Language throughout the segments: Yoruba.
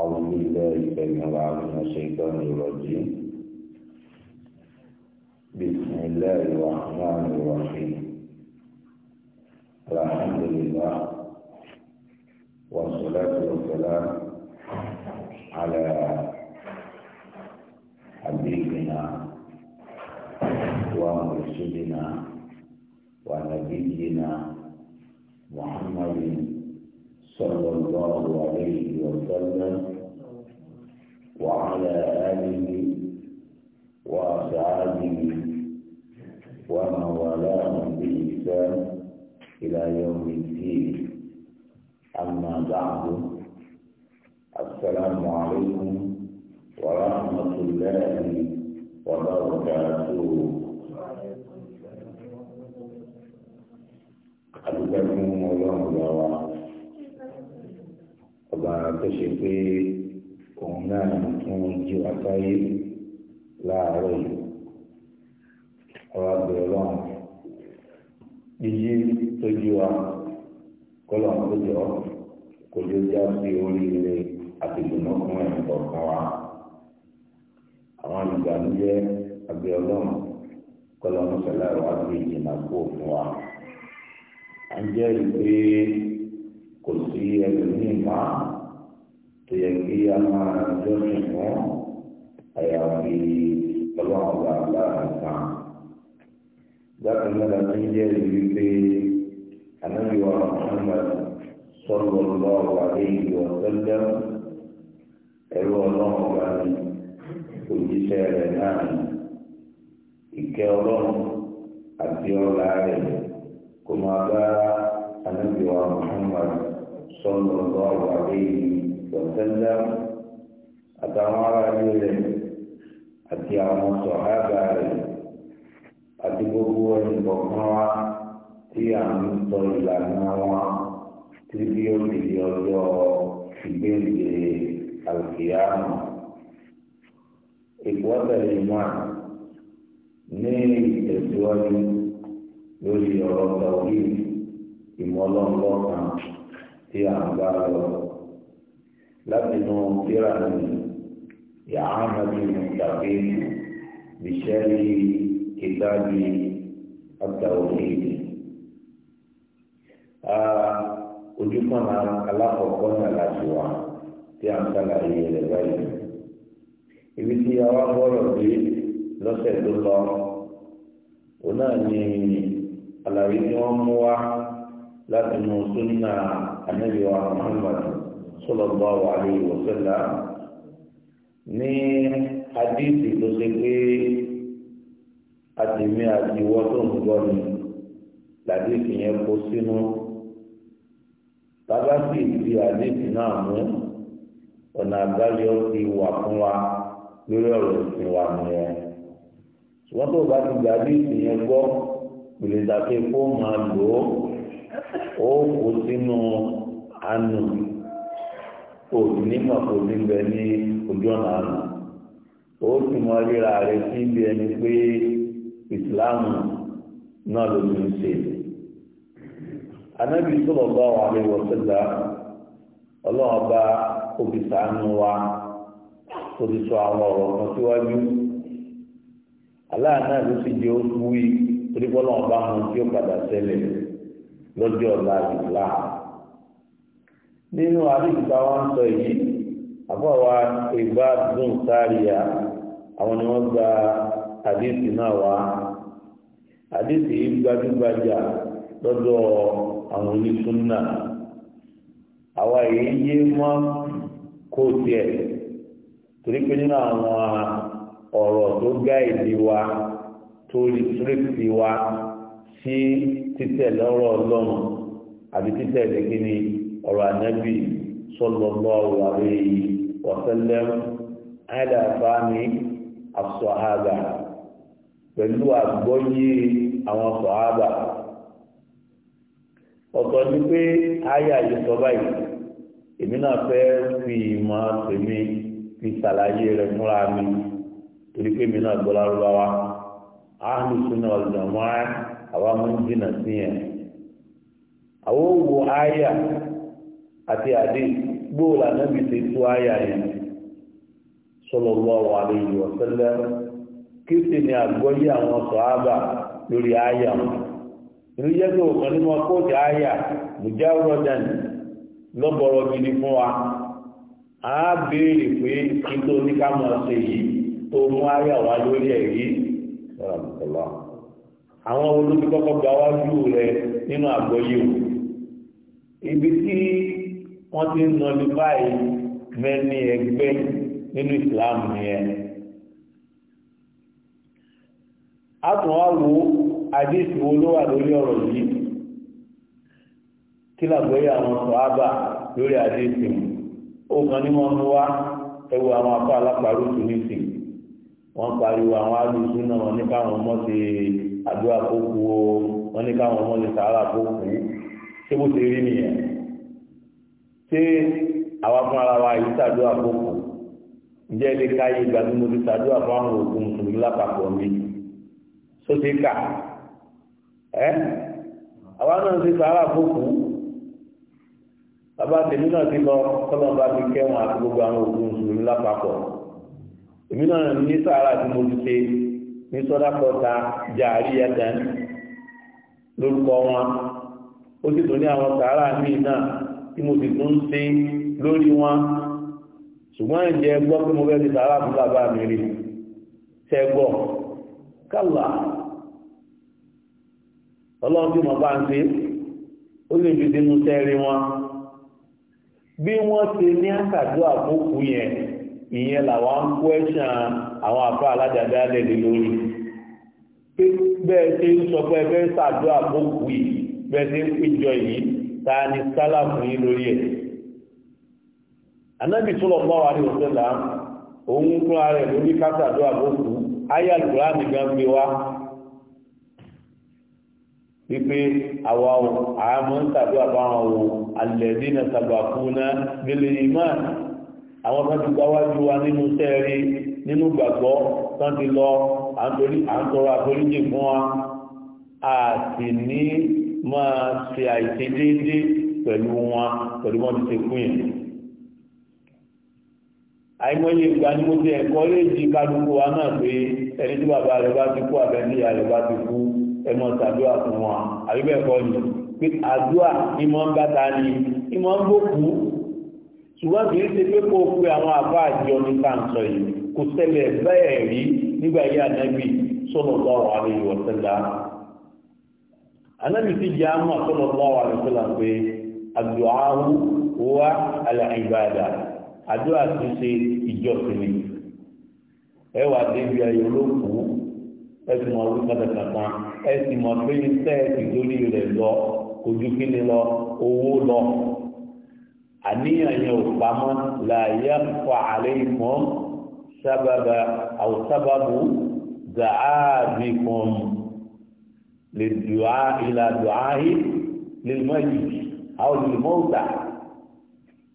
أعوذ بالله من العظيم الشيطان الرجيم بسم الله الرحمن الرحيم الحمد لله والصلاة والسلام على حبيبنا ومرشدنا ونبينا محمد صلى الله عليه وسلم وعلى آله وأصحابه ومن والاهم بإحسان إلى يوم الدين أما بعد السلام عليكم ورحمة الله وبركاته ورحمة الله ọba tó ṣe pé òun náà tún jí wa sáyé láàárọ̀ yìí ọba bẹ̀rẹ̀ lọ́wọ́ jíjí tó jí wa kọ́lọ̀ tó kò lè já sí oríire àtìgbòmọ́ fún ẹ̀yìn kọ̀ọ̀kan wa àwọn ìgbàlódé abẹ́ ọlọ́run kọ́lọ́ mọ́sálà wa gbé ìjìnlá kúrò fún wa à ń jẹ́rìí pé kò sí ẹlòmíì má tó yẹ kí a máa jọ́sìn fún àyàfi ọlọ́run ọba aláàbá bákan náà láti ń jẹ́ ìrírí pé anábìwá Muhammad sọ́dọ̀ lọ́wọ́ àdéhìí ọ̀sẹ́lẹ̀ ẹ̀rọ ọlọ́run ọba ni òjíṣẹ́ rẹ̀ náà ni ìkẹ́ ọlọ́run àti ọlá rẹ̀ kò máa bá anábìwá Muhammad. صلى الله عليه وسلم أتمار عليه àti àwọn sọ̀hábà rẹ̀ àti gbogbo ẹnìkọ̀ọ̀kan wa tí à ń sọ ìlànà wọn tí bí ó ti di ọjọ́ ìgbéǹde àlùkìyàmù. ìpọ́tẹ̀lẹ̀ náà ní ìtẹ̀síwájú lórí ọ̀rọ̀ tàwí ìmọ̀lọ́mọ́kan tí a ń bá lọ láti nu kíra ní ìhámadì tàbí bìṣẹ́lì kìtàbí àtàwọ̀lẹ́yìn. ojúkọ̀nà alákọ̀ọ́kọ́ ní aláṣìwà tí a ń sàlàyé rẹ̀ báyìí. ibi tí a wá bọ́rọ̀ dé lọ́sẹ̀ tó lọ òun náà ni àlàyé tí wọ́n mú wá láti nu súnà ànábì wa Muhammad sallallahu alayhi wa sallam ní hadithi tó ṣe pé àtìmí àti ìwọ tó ń gbọ́ ni làdíìsì yẹn kó sínú tábà sì di àdíìsì náà mú ọ̀nà àbáyọ ti wà fún wa lórí ọ̀rọ̀ ìsìn wa nìyẹn ṣùgbọ́n tó bá ti gbàdíìsì yẹn gbọ́ ìlẹ̀dàkẹ́ kó máa lò ó. ó kwụsịnụ sínú àánú òbí nímọ̀ kò bẹ ní ojú ọ̀nà àánú ó sì mọ ríra rẹ sí ibi ẹni pé ìsìláàmù náà ló ń ṣe anábì sọ̀rọ̀ bá wà lè wọ̀ ọlọ́run wa tó ti sọ àwọn ọ̀rọ̀ kan síwájú aláàánú jẹ́ ó wí lọ́jọ́ ọ̀la ìlà nínú àdìgbà wọn sọ yìí àbọ̀wá ìgbà dùn sáàríà àwọn ni wọ́n gba àdìsí náà wá àdìsí gbajúgbajà lọ́dọ̀ àwọn onísúnnà àwa èyí yé mọ́ kó tiẹ̀ torí pé nínú àwọn ọ̀rọ̀ tó gá ìdí wa tó rí tírèkì wa sí títẹ̀ lọ́rọ̀ ọlọ́run àbí títẹ̀ lẹ́gbẹ́ ni ọ̀rọ̀ ànábì sallallahu alayhi wa sallam ala fahmi as-sahaba pẹ̀lú àgbọ́yé àwọn sọ̀hábà ọ̀tọ̀ ni pé àyà yìí sọ báyìí èmi náà fẹ́ fi ìmọ̀ tèmi fi ṣàlàyé rẹ̀ fúnra mi torí pé èmi náà gbọ́ lárúbáwá áhùn sínú ọ̀dọ̀ mọ́ á àwa máa ń jìnnà sí yẹn àwọn wo àyà àti àdé gbóòlà náà bí ṣe tó àyà yẹn sallallahu alayhi wa sallam kí sì ni àgbọ́yé àwọn sọ̀hábà lórí àyà wọn ìlú jẹ́ pé òkan nínú akóòtù àyà mùjáwọ́dàn lọ́bọ̀rọ̀ gidi fún wa a béèrè pé kí tó ní ká máa ṣe yìí tó mú àyà wá lórí ẹ̀ yìí àwọn olóbi kọ́kọ́ gba wájú rẹ nínú àgbọ́yé o ibi tí wọ́n ti ń nọlé báyìí mẹ́ni ẹgbẹ́ nínú ìsìláàmù yẹn a tún wá wo àdéhùn wo ló wà lórí ọ̀rọ̀ yìí kí làgbọ́yé àwọn sọ̀hábà lórí àdéhùn ó kàn ní wọn mú wá ẹwọ àwọn afọ alápàrọ̀ tó ní wọ́n pariwo àwọn alùsùn náà wọn ní káwọn mọ́ àdúrà kó kú o wọ́n ní káwọn ọmọ lè sàárà kó kú ṣé bó ṣe rí nìyẹn ṣé àwa fún ara wa yìí sàdúrà kó kú ǹjẹ́ ilé káyé ìgbà tí mo ti sàdúrà fún àwọn òkú mùsùlùmí lápapọ̀ mi sóṣe kà ẹ́ àwa náà ti sàárà kó kú bàbá tèmi náà ti lọ kọ́lọ́ bá fi kẹ́wọ̀n àti gbogbo àwọn òkú mùsùlùmí lápapọ̀ èmi náà ní sàárà tí mo ti ṣe ní sọ́dápọ̀ta jàrí ẹ̀tẹ̀ lórúkọ wọn ó sì tún ní àwọn sàárà míì náà tí mo sì tún ń ṣe lórí wọn ṣùgbọ́n ìjẹ́ gbọ́ pé mo fẹ́ fi sàárà fún bàbá mi rí tẹ́gbọ́ kálà ọlọ́run tí mo bá ń ṣe ó lè fi sínú tẹ́rí wọn bí wọ́n ṣe ní àkàdúrà fún yẹn ìyẹn làwọn ń kó ẹ̀ṣàn àwọn àfá aládàáda lẹ́lẹ́ lórí pé bẹ́ẹ̀ ṣe ń sọ pé ẹgbẹ́ ṣàdúrà fókù yìí bẹ́ẹ̀ ṣe ń péjọ yìí ta ni sálà fún yín lórí ẹ̀ anábì tó lọ bá wa ní òṣèlú là òun fúnra rẹ̀ lórí ká ṣàdúrà ayé àlùkò láti gan gbé wa wípé àwa àmọ́ ń ṣàdúrà báwọn o alẹ́ dínà sàbàkú náà nílé ìmáà àwọn kan ti gba wájú wa nínú sẹ́ẹ̀rí nínú gbàgbọ́ tán ti lọ à ń tọrọ àforíjì fún wa a sì ní máa ṣe àìṣe déédéé pẹ̀lú wọn pẹ̀lú wọn ti ṣe fún yẹn àìmọye ìgbà ni mo ti ẹ̀kọ́ léèjì kálukú wa náà pé ẹni tí bàbá rẹ̀ bá ti kú àbẹ́ni ìyá rẹ̀ bá ti kú ẹ máa fún wa àbí bẹ́ẹ̀ kọ́ ni pé àdúrà ìmọ̀ ń bá ta ni ìmọ̀ ń bòkú ṣùgbọ́n kì í ṣe pé kó o pe àwọn àbá àjọ ní káńtọ̀ yìí kò ṣẹlẹ̀ bẹ́ẹ̀ rí nígbà yí ànábì sallallahu alaihi wa sallam ànábì ti di àmọ́ sallallahu alaihi wa sallam pé àdùáhù wá al-ibada àdúrà ti ṣe ìjọsìn ni ẹ wà débi ayé olókùú ẹ sì mọ orí kàtàkàtà ẹ sì mọ pé iṣẹ́ ẹ sì lórí rẹ̀ lọ ojú kí ni lọ owó lọ àníyàn yẹn ò pamọ́ láàyè fọ àlẹ́ ìmọ̀ sábàbà àwòsábàbù dàáàbì kan lè dùá ìlà dùáhì lè mọ ìyí àwọn olùmọ̀ ọ̀tà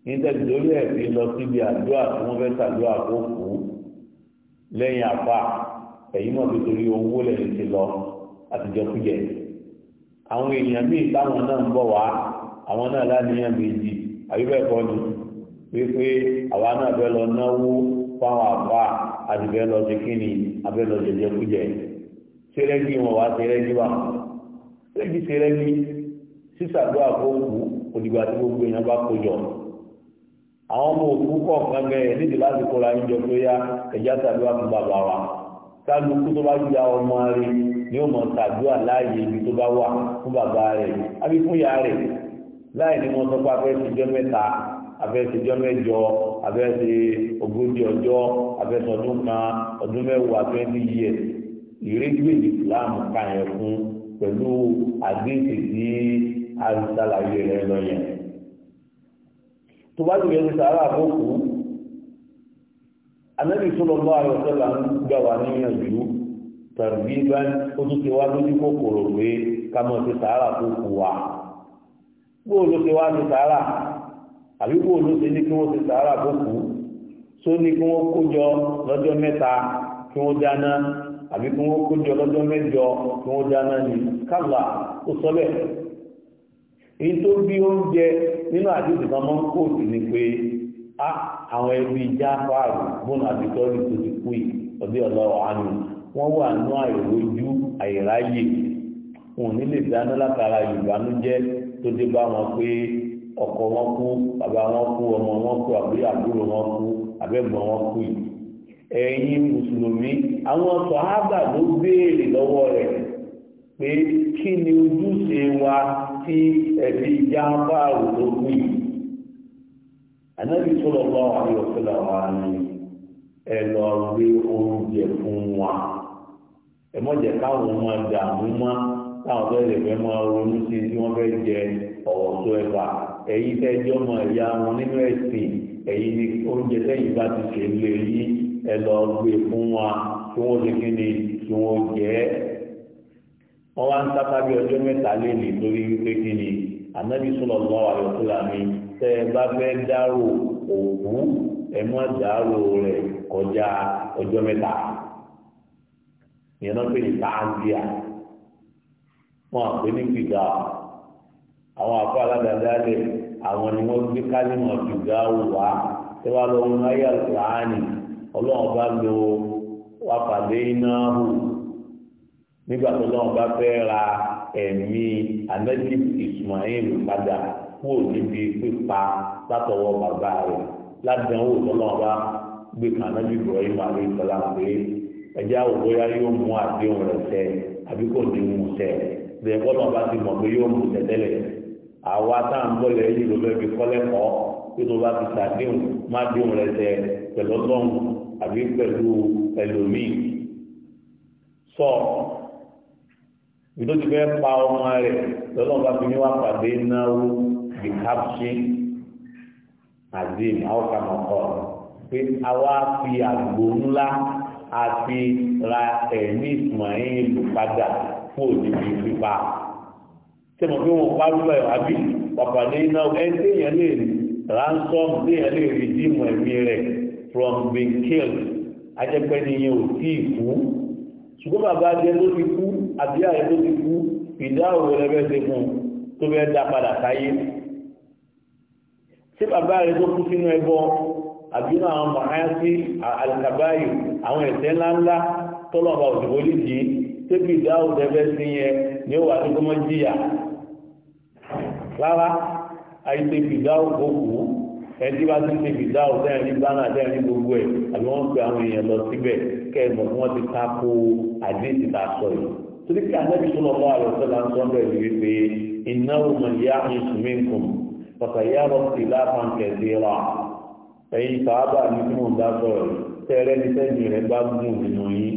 nítorí lórí ẹ̀rí lọ síbi àdúrà tí wọ́n fẹ́ ṣàdúrà tó kù lẹ́yìn àpá ẹ̀yìn mọ̀ tó torí owó lẹ́yìn ti lọ àtijọ́ kújẹ àwọn èèyàn míì táwọn náà ń bọ̀ wá àwọn náà láníyàn méjì àbí bẹ́ẹ̀ kọ́ ni wípé àwa náà bẹ́ẹ̀ lọ náwó fáwọn àbá àti bẹ́ẹ̀ lọ sí kíni abẹ́ lọ jẹjẹ kújẹ sẹ́rẹ́gì wọn wá sẹ́rẹ́gì wà sẹ́rẹ́gì sẹ́rẹ́gì sísàdúrà kó kú òdìgbà tí gbogbo èèyàn bá kó jọ àwọn ọmọ òkú kọ̀ọ̀kan gẹ̀ẹ́ nídìí láti kóra níjọ tó yá ẹ̀já ṣàdúrà fún bàbá wa kálukú tó bá ya ọmọ rẹ̀ ni ó mọ̀ ṣàdúrà láàyè ibi tó bá wà fún bàbá rẹ̀ àbí fún ìyá rẹ̀ láì ní wọn sọ pé abẹ́ ti jọ mẹ́ta abẹ́ ti jọ mẹ́jọ abẹ́ ti ogójì ọjọ́ abẹ́ ti ọdún kan ọdún mẹ́wàá twenty years ìrégbè ìsìláàmù kan yẹn fún pẹ̀lú àdéhùn sí àrùsàlàyé rẹ lọ yẹn. tó bá ti yẹn ti sàárà àbókù anábì sallallahu alaihi wasallam ń gbà wá níyànjú tàbí bá ó tún ti wá lójú kòkòrò pé ká mọ̀ sí sàárà àbókù wa bó ló ti wá ní sàárà àbí bó ló ti ní kí wọ́n ti sàárà tó kù tó ní kí wọ́n kójọ lọ́jọ́ mẹ́ta kí wọ́n dáná àbí kí wọ́n kójọ lọ́jọ́ mẹ́jọ kí wọ́n dáná ní kálà ó sọ bẹ́ẹ̀ èyí tó bí oúnjẹ nínú àdéhùn kan máa ń kóòtù ni pé a àwọn ẹbí jáfáàrù bọ́ọ̀nù àbítọ́rì tó ti kú yìí ọdẹ ọlọ́wọ́ àánú wọ́n wà nú àìrójú àìráyè wọn ní lè dáná látara ìbànújẹ́ tó dé bá wọn pé ọkọ wọn kú bàbá wọn kú ọmọ wọn kú àbí àbúrò wọn kú àbẹ̀gbọ́n wọn kú yìí ẹ̀yin mùsùlùmí àwọn sọ̀hábà ló béèrè lọ́wọ́ rẹ̀ pé kí ni ojúṣe wa tí ẹ̀bí jáfà òdòkú yìí anábì sọ̀rọ̀ bá wà ní ọ̀sẹ̀lẹ̀ wa ni ẹ lọ gbé oúnjẹ fún wa ẹ mọ̀jẹ̀ káwọn ọmọ ẹ̀dá mú táwọn fẹ́ lè fẹ́ máa ronú sí tí wọ́n fẹ́ jẹ ọ̀wọ̀ tó ẹ̀fà èyí tẹ́jọ́ mọ ẹ̀yà wọn nínú ẹ̀sìn èyí ni oúnjẹ tẹ́yìn bá ti ṣe lè yí ẹ lọ gbé e fún wa tí wọ́n ṣe kí ni tí wọ́n jẹ ẹ́. wọ́n wá ń sábà bí ọjọ́ mẹ́ta lé ní wípé kí ni ànábì sọ̀rọ̀ lọ́wọ́ àyọ̀kúlà mi tẹ́ ẹ bá fẹ́ dárò òkú ẹ má dárò rẹ̀ kọjá ọjọ́ mẹ́ta ìyẹn náà pè ní wọn àpè ní gbìgà àwọn àpò aládàádáálẹ àwọn ni wọn gbé kálímọ gbìgà wà tí wọn lọ wọn ayé àlùkùránì Ọlọ́run bá lo wàpàdé iná hù nígbà tó lọ́wọ́ bá fẹ́ ra ẹ̀mí anabi Ismail padà kúrò níbi pípa látọwọ́ bàbá rẹ̀ ládàáwò lọ́wọ́ bá gbé kan anabi Ibrahim alayhisalaam pé ẹjẹ́ àwòrán yóò mú àdéhùn rẹ̀ ṣẹ àbí ní mú ṣẹ bẹ́ẹ̀ kọ́ náà bá ti mọ̀ pé yóò mú tẹ̀tẹ́lẹ̀ àwa tá à ń bọ̀ lẹ́yìn yìí ló fẹ́ fi kọ́lẹ́kọ̀ọ́ tí tó bá ti sàdéhùn má déhùn rẹ̀ tẹ pẹ̀lú ọlọ́run àbí pẹ̀lú ẹlòmíì sọ ìdójú fẹ́ pa ọmọ rẹ̀ lọ́lọ́run bá fi ní wá pàdé náwó the caption azim aokamọkọ pé àwa fi àgbo ńlá àti ra ẹ̀mí ìsìnmáyé lù padà kúrò níbi pípa tí mo fi wọn bá rúbẹ̀ àbí pàpà ní iná ẹni téèyàn lè ransom téèyàn lè redeem ẹ̀mí rẹ̀ from being killed ajẹ́pẹ́ ni yẹn ò tí ì kú ṣùgbọ́n bàbá jẹ́ tó ti kú àbí àyẹ tó ti kú ìdáhùn rẹ̀ bẹ́ẹ̀ ṣe fún un tó bẹ́ẹ̀ dá padà sáyé tí bàbá rẹ̀ tó kú sínú ẹbọ àbínú àwọn mọ̀háyá sí àlùkàbáyò àwọn ẹ̀ṣẹ̀ ńláńlá tọ́lọ́ba òdìbò lè jì tẹ́bí ìdáhùn tẹ́fẹ́ sí yẹn ni ó wà tó kọ́mọ́ jìyà rárá ayé tẹ́bí ìdáhùn kò kú ẹni bá ti tẹ́bí ìdáhùn tẹ́yìn ní ghana tẹ́yìn ní gbogbo ẹ̀ àbí wọ́n pe àwọn èèyàn lọ síbẹ̀ kẹ́ẹ̀mọ̀ wọ́n ti ta ko àdéhìí ta sọ yìí torí pé anábì tó lọ bá àlọ́ sọ́la ń sọ́ndọ̀ ìlú wípé ìnáwó mọ̀lẹ́yà ń sùn mí kùn pàtà ìyá lọ sí láàpán kẹ̀sí rà ẹ̀yìn sáábà ní kí wọ́n dá sọ̀rọ̀ tẹ́rẹ́ ní sẹ́yìn rẹ̀ bá gùn nínú yín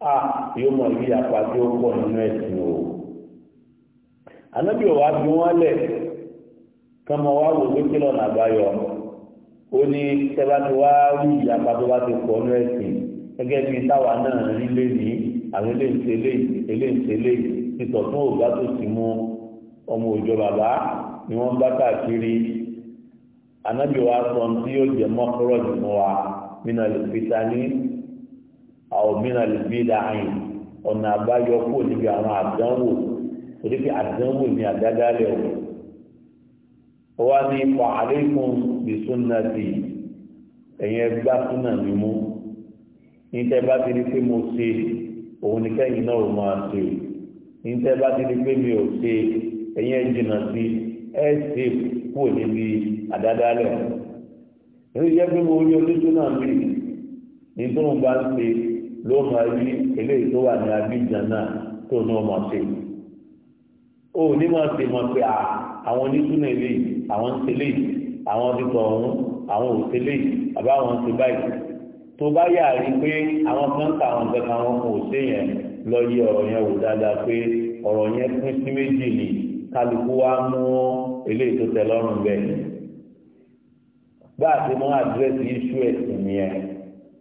a yóò mọ̀ bí apá tí nínú ẹ̀sìn o anábìọ̀ wa bí wọ́n lẹ̀ kọ́mọ wa wò pé kí lọ́nà àbáyọ ó ní tẹ́lá ti wá rí ìyapa tó bá ti pọ̀ nínú ẹ̀sìn gẹ́gẹ́ bí táwa náà rí lẹ́yìn àwọn eléǹtẹ̀lé eléǹtẹ̀lé títọ̀tún ògbà tó ti mú ọmọ òjò bàbá ni wọ́n bá káàkiri anábìọ̀ wa sọ tí yóò jẹ́ mọ́kúrọ̀ jù fún wa nínú àlùfíta ní àwọn mìíràn lè bí láàyè ọ̀nà àbáyọ kò níbi àwọn àdánwò torí pé àdánwò ní àdádálẹ̀ ọ̀hún. ó wá ní ipa àlékún bìsúnà sí ẹ̀yìn ẹgbá súnà mi mú ní tẹ́ bá ti di pé mo ṣe òun ní kẹ́yìn náà ò máa ṣe ní tẹ́ bá ti di pé mi ò ṣe ẹ̀yìn ẹ̀jìnà sí ẹ̀ ṣe kò níbi àdádálẹ̀ ọ̀hún. èyí jẹ́ pé mo rí olóṣù náà bì ní tó ń bá ń ṣe ló máa rí eléyìí tó wà ní abidjan náà tó ní ọmọ ṣe ó ní máa ṣe mọ pé àwọn onítúnú eléyìí àwọn ń tẹlé àwọn ọdítọ ọhún àwọn ò tẹlé àbá àwọn ń ṣe báyìí tó bá yà rí pé àwọn kan ta àwọn nǹkan kan wọn kò ṣe yẹn lọ yí ọ̀rọ̀ yẹn wò dáadáa pé ọ̀rọ̀ yẹn pín sí méjì ni kálukú wa mú eléyìí tó tẹ́ lọ́rùn bẹ́ẹ̀ bá a ti mọ àdírẹ́sì iṣu ẹ̀sìn yẹn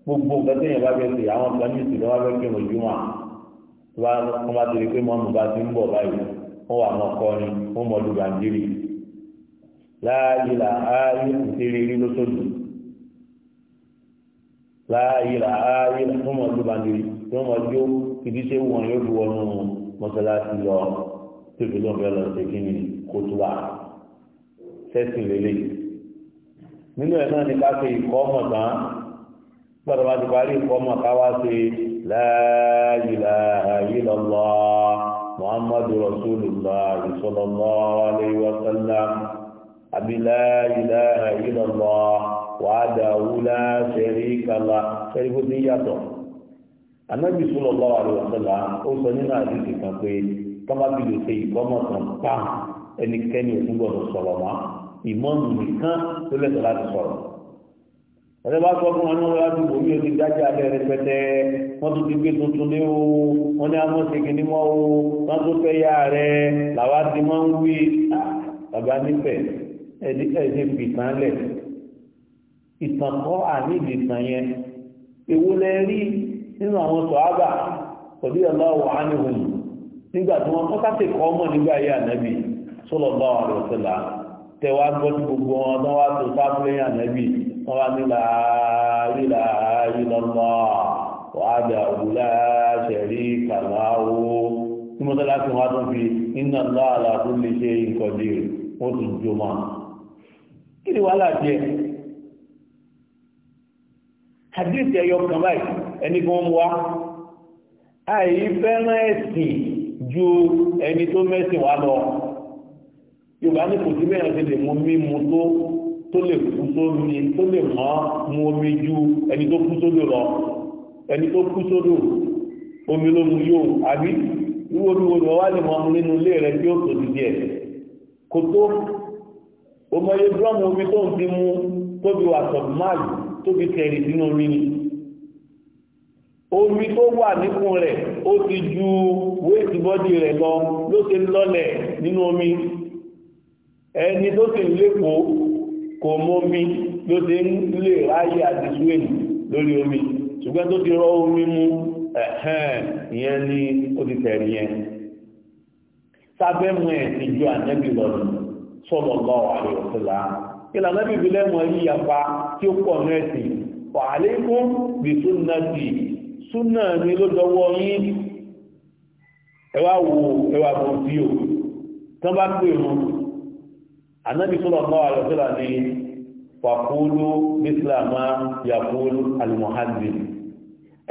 gbogbo nǹkan tẹ̀yìn bá fẹ́ ṣe àwọn kan ní ìsìn lọ́wọ́ fẹ́ kírun júmọ́ wọ́n bá ti rí pé mọ́mú bá ti ń bọ̀ báyìí wọ́n wà mọ́ kọrin wọ́n mọ́ lùgbà ńdírí láàyè là áyè ìṣeré rí lóṣooṣù láàyè là áyè wọ́n mọ́ lùgbà ńdírí wọ́n mọ́ jó ìdí ṣé wọn yóò fi wọnú mọ́ṣáláṣí lọ tó fi lóun fẹ́ lọ ṣe kí ni kó tó wà sẹ́sìn lélẹ̀ nínú ẹ̀ náà ni ká fi ìkọ́ mọ̀ tán gbọ́dọ̀ bá ti parí ìfọ́mọ̀ káwá sí la ilaha illallah muhammadu rasulullah sallallahu alayhi wa sallam àbí la ilaha illallah wahdahu la sharika lah sẹ́ríkó ti yàtọ̀ anábì sallallahu alayhi wa sallam ó sọ nínú àdìsí kan pé tọ́ba bí lè ṣe ìfọ́mọ̀ kan pàm ẹnikẹ́ni òkú gbọ́dọ̀ sọ̀rọ̀ mọ́ ìmọ̀nù nìkan tó lẹ́tọ̀ọ́ láti sọ̀rọ̀ ẹ̀rẹ́ bá sọ fún wọn ní wọ́n dùbò bí o ti dájẹ́ wọ́n tún ti gbé tuntun lé o wọ́n ní àwọn ṣe mọ́ o wọ́n tún fẹ́ yá rẹ làwa ti máa ń wí bàbá nífẹ̀ ẹni ẹni fìtàn lẹ̀ ìtàn kọ́ àníbi ìtàn yẹn èwo lẹ rí nínú àwọn sọ̀hábà pẹ̀lú ọ̀la wàá ní nígbà tí wọ́n kọ́ kọ́ mọ̀ nígbà yẹ ànábì wọ́n wá ní láàárí láàárí lọ́lọ́ wàhálà òwúlá ṣẹ̀rí kàláwó tí mo tọ́lá tí wọ́n á tún fi iná láàlá tó lè ṣe ìkọ̀dé wọ́n tún jó mọ́ kí ni wàhálà tiẹ̀ hadith ẹyọ kan ẹni kan mú wa fẹ́ràn ẹ̀sìn ju ẹni tó mẹ́sìn wá lọ yorùbá ní kò sí bẹ́ẹ̀ ṣe lè mú mímu tó tó lè kú sómi tó lè mọ́ mu omi ju ẹni tó kú sódò lọ ẹni tó kú sódò omi ló mu yóò àbí wíwo bí wo ni wọ́n wá lè mọ́ mu nínú ilé rẹ̀ tí ó tòbi díẹ̀ kò tó òmọye dúrọ́mù omi tó ń ti mú tóbi wà sọ̀bùmáàlì tóbi tẹ̀rì sínú omi ni omi tó wà nípò rẹ̀ ó ti ju wéètì bọ́dì rẹ̀ lọ ló ti lọlẹ̀ nínú omi ẹni tó sì lépo kò mómi ló ti ń lè ráyè àti suwèlì lórí omi ṣùgbọ́n tó ti rọ omi mú ẹ̀hẹ́n ìyẹn ni ó ti tẹ̀rí yẹn sábẹ́ mú ẹ̀ ti ju ànẹ́bí lọ́nà sọ̀rọ̀ lọ́wọ́ àríwọ̀sílá ìlànà bíbí lẹ́mọ̀ yí yapa tí ó pọ̀ ní ẹ̀sìn wàhálẹ́kùn bí súnà sí súnà ni ló dọwọ́ yín ẹwà wo ẹwà bọ̀ sí o tán bá pè wọn anábì sallallahu alaihi wasallam ní fàkúlù bísílámà yàkúlù alimuhazin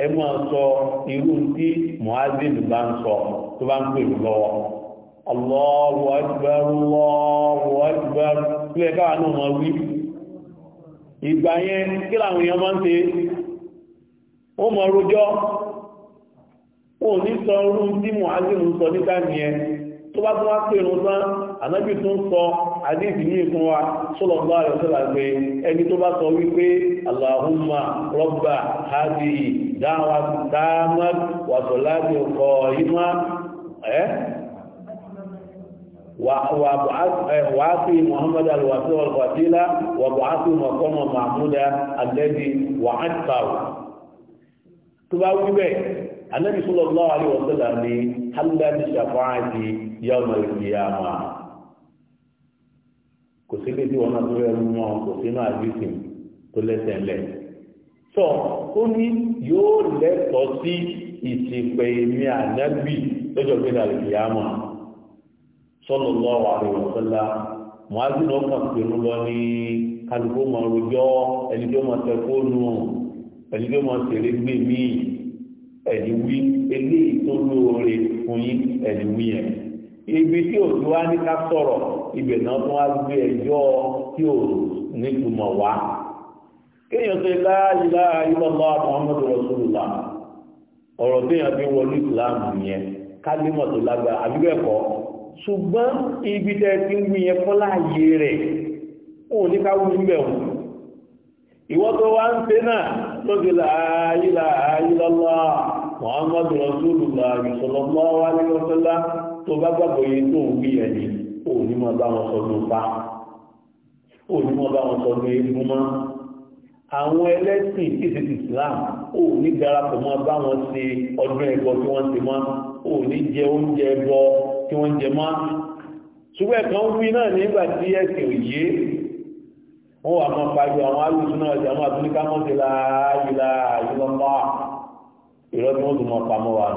ẹ máa sọ irú tí muhazin bá ń sọ tó bá ń pè mí lọ́wọ́ Allahu akbar Allahu akbar kílẹ̀ káwa náà máa wí ìgbà yẹn kí làwọn èèyàn máa ń ṣe ó mọ rojọ́ ó ní sọ irú tí muhazin ń sọ níta nìyẹn tó bá tún wá pè mí tán ànábì tó ń sọ àdéhì ní ìfún wa sallallahu alaihi wasallam pé ẹni tó bá sọ wípé Allahumma rabba hadhihi da'wati tammati wa salati qa'imati ẹ́ وعافي محمد الواسع والقتيلة وبعث مقام محمود الذي وعدته تباوي به النبي صلى الله عليه وسلم حل بشفاعتي يوم القيامة kò sí lè tí wọn náà tó rẹ mú wọn kò sínú àdìsìn tó lẹ́sẹ̀ ńlẹ̀ sọ ó ní yóò lẹ́tọ̀ọ́ sí ìsìnkpé mi ànábì lọ́jọ́ gbé dàrú ìyáàmà sọlọ lọ́wọ́ àríwọ̀sọ́lá mọ́àdún náà kàn pinnu lọ ní kálukó mọ rojọ́ ẹni tó mọ tẹfóònù ẹni tó mọ tẹ̀lé gbé mí ẹni wí eléyìí tó lóore fún yín ẹni wí yẹn ibi tí òtún wá ní ká sọ̀rọ̀ ibẹ̀ náà tún wá gbé ẹjọ́ tí ó nítumọ̀ wá ọ̀rọ̀ fi wọlé yẹn kálímọ̀ tó àbíbẹ̀kọ́ ṣùgbọ́n ibi tẹ́ ti ń yẹn fún láàyè rẹ̀ ó ní ká níbẹ̀ ìwọ́ tó wá ń ṣe náà lóde láàyílá ayélujára muhammadu rasulullah sallallahu alaihi wasallam tó òní mọ́ bá wọn sọdún pa òní mọ́ bá wọn sọdún eégún mọ́ àwọn ẹlẹ́sìn títí Islam òní darapọ̀ mọ́ bá wọn ṣe ọdún ẹ̀kọ́ tí wọ́n ṣe mọ́ òní jẹ oúnjẹ ẹbọ tí wọ́n jẹ mọ́ ṣùgbọ́n ẹ̀kan wí náà nígbà tí ẹ̀sìn òye wọ́n wà máa pàjọ àwọn alùsùn náà ọjà máa tún ní kámọ́ sí láàáyí láàáyí lọ́pàá ìrọ́tí wọ́n tún mọ́ pamọ́ wa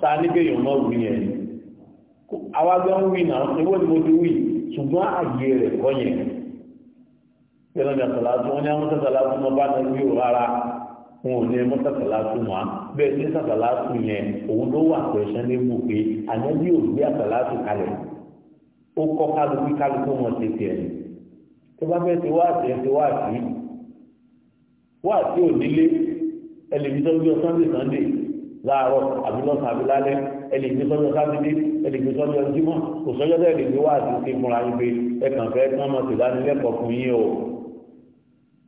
ta ní kéèyàn mọ́ wí yẹn awágbẹ́ ń wí náà ewé ni mo ti wí ṣùgbọ́n àyè rẹ̀ kọ́ yẹn yẹn lọ́jà sàlátù wọn ní àwọn sàlátù mọ́ bá ní bí rárá wọn ò ní mọ́ sàlátù mọ́ bẹ́ẹ̀ ní sàlátù yẹn òun ló wà pẹ̀sẹ̀ ní ibù pé ànábì ò gbé àsàlátù kalẹ̀ ó kọ́ kálukú kálukú wọn ti tẹ̀ ẹ̀ tó bá fẹ́ ti wá àti ẹ̀ ti wá àti wá àti ẹlẹ́gbẹ̀sọ́jọ́ sátidé ẹlẹ́gbẹ̀sọ́jọ́ jímọ̀ kò sọ́jọ́ tẹ́ ẹlẹ́gbẹ̀ wá àti ṣe múra yín pé ẹ kàn fẹ́ kí wọ́n mọ̀ tìdánilẹ́kọ̀ọ́ fún yín o